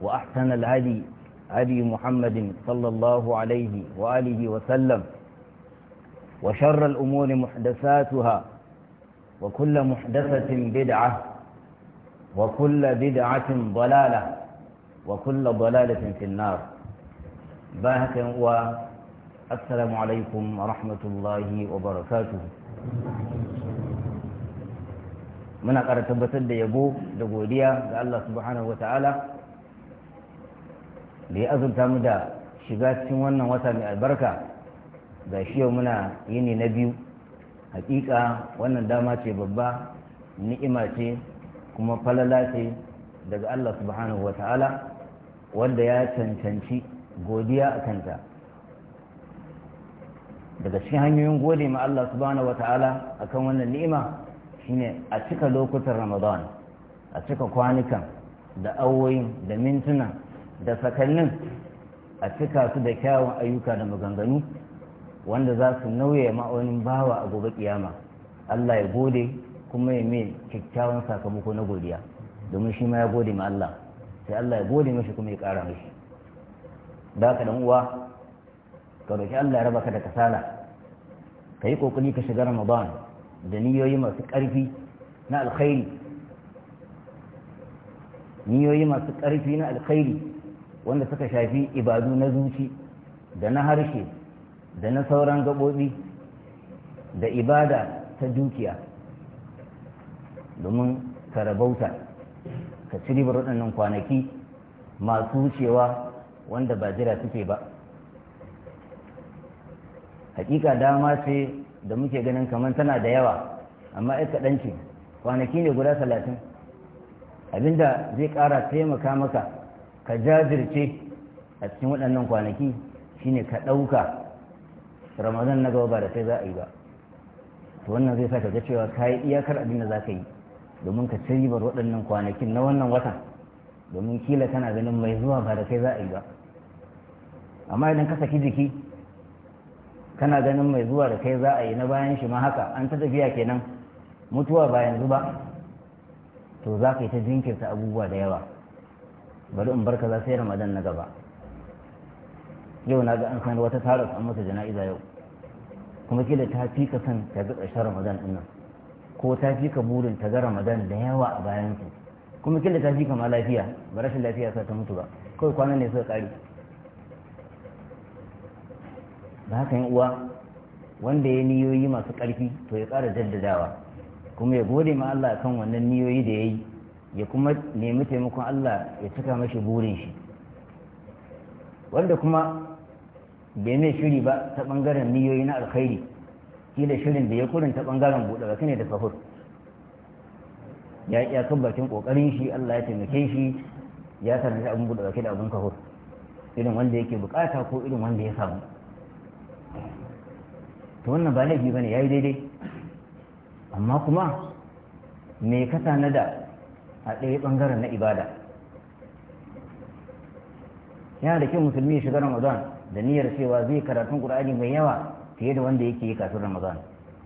وأحسن الهدي هدي محمد صلى الله عليه وآله وسلم وشر الأمور محدثاتها وكل محدثة بدعة وكل بدعة ضلالة وكل ضلالة في النار باهك والسلام عليكم ورحمة الله وبركاته من أقرأ tabbatar da لقوديا لأ الله سبحانه وتعالى da ya azurta mu da shiga cikin wannan wata mai albarka ga shi yau muna yini na biyu hakika wannan dama ce babba ni'ima ce kuma falala ce daga Allah subhanahu wa ta'ala wanda ya cancanci godiya a kanta daga cikin hanyoyin gode ma Allah subhanahu wa ta'ala akan wannan ni'ima shine a cika lokutan ramadan a cika kwanukan da awoyin da mintuna da sakannin a cika su da kyawun ayyuka da maganganu wanda za su nauye ma'aunin bawa a gobe kiyama Allah ya gode kuma ya mai kyakkyawan sakamako na godiya domin shi ma ya gode ma Allah sai Allah ya gode mashi kuma ya ƙara mashi da ka dan uwa ka roki Allah ya raba ka da kasala ka yi kokari ka shiga Ramadan da niyoyi masu ƙarfi na alkhairi niyoyi masu ƙarfi na alkhairi wanda suka shafi ibadu na zuci da na harshe da na sauran gaɓoɓi da ibada ta dukiya domin ka rabauta ka ci ribar waɗannan kwanaki masu wucewa wanda ba jira suke ba hakika dama ce da muke ganin kamar tana da yawa amma ai kaɗanci kwanaki ne guda talatin abinda zai ƙara taimaka maka ka jajirce a cikin waɗannan kwanaki shine ka ɗauka ramadan na gaba ba da sai za a yi ba to wannan zai sa ka ga cewa ka yi iyakar abin da za ka yi domin ka ci ribar waɗannan kwanakin na wannan watan domin kila kana ganin mai zuwa ba da kai za a yi ba amma idan ka saki jiki kana ganin mai zuwa da kai za a yi na bayan shi ma haka an ta tafiya kenan mutuwa ba yanzu ba to za ka yi ta jinkirta abubuwa da yawa bari in barka za sai ramadan na gaba yau na ga an sanar wata tara su an mata jana'iza yau kuma kila ta fi ka san ta ga ƙarshen ramadan din nan ko ta fi ka burin ta ga ramadan da yawa a bayan su kuma kila ta fi ka ma lafiya ba rashin lafiya sa ta mutu ba kawai kwanan ne suka ƙari da haka yin uwa wanda ya niyoyi masu ƙarfi to ya ƙara jaddadawa kuma ya gode ma Allah kan wannan niyoyi da ya yi ya kuma nemi taimakon Allah ya cika mashi burin shi wanda kuma bai mai shiri ba ta bangaren niyoyi na alkhairi shi da shirin da ya kurin ta bangaren buɗe ba ne da sahur ya iya kan bakin kokarin shi Allah ya taimake shi ya sanar abin buɗe baki da abin sahur irin wanda yake bukata ko irin wanda ya samu to wannan ba laifi bane yayi daidai amma kuma me ka da. a ɗaya ɓangaren na ibada yana da kyau musulmi ya shiga ramadan da niyyar cewa zai karatun qur'ani mai yawa fiye da wanda yake yi kafin ramadan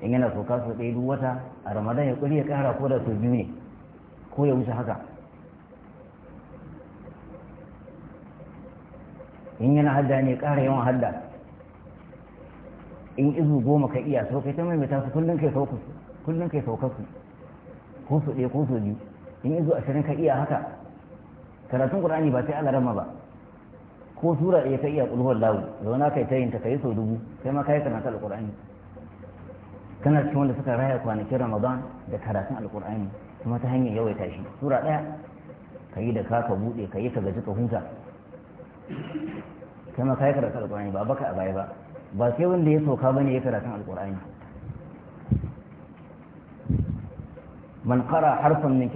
in yana so kasu ɗaya duk wata a ramadan ya ƙuri ya ƙara ko da sau biyu ne ko ya wuce haka in yana hadda ne ƙara yawan hadda in izu goma ka iya sau kai ta maimaita su kullum kai saukasu kullum kai saukasu ko su ɗaya ko su biyu in izu ashirin ka iya haka karatun qur'ani ba sai alarama ba ko sura ɗaya ka iya ƙulhuwar lawu zauna kai ta yin ta kai sau dubu sai ma kai karatun alqur'ani kana cikin wanda suka raya kwanakin ramadan da karatun alqur'ani kuma ta hanyar yawaita shi sura ɗaya ka yi da ka ka buɗe ka yi ka gaji ka huta sai ma kai karatun alqur'ani ba baka a baya ba ba sai wanda ya sauka bane ya karatun alqur'ani من قرأ harfan min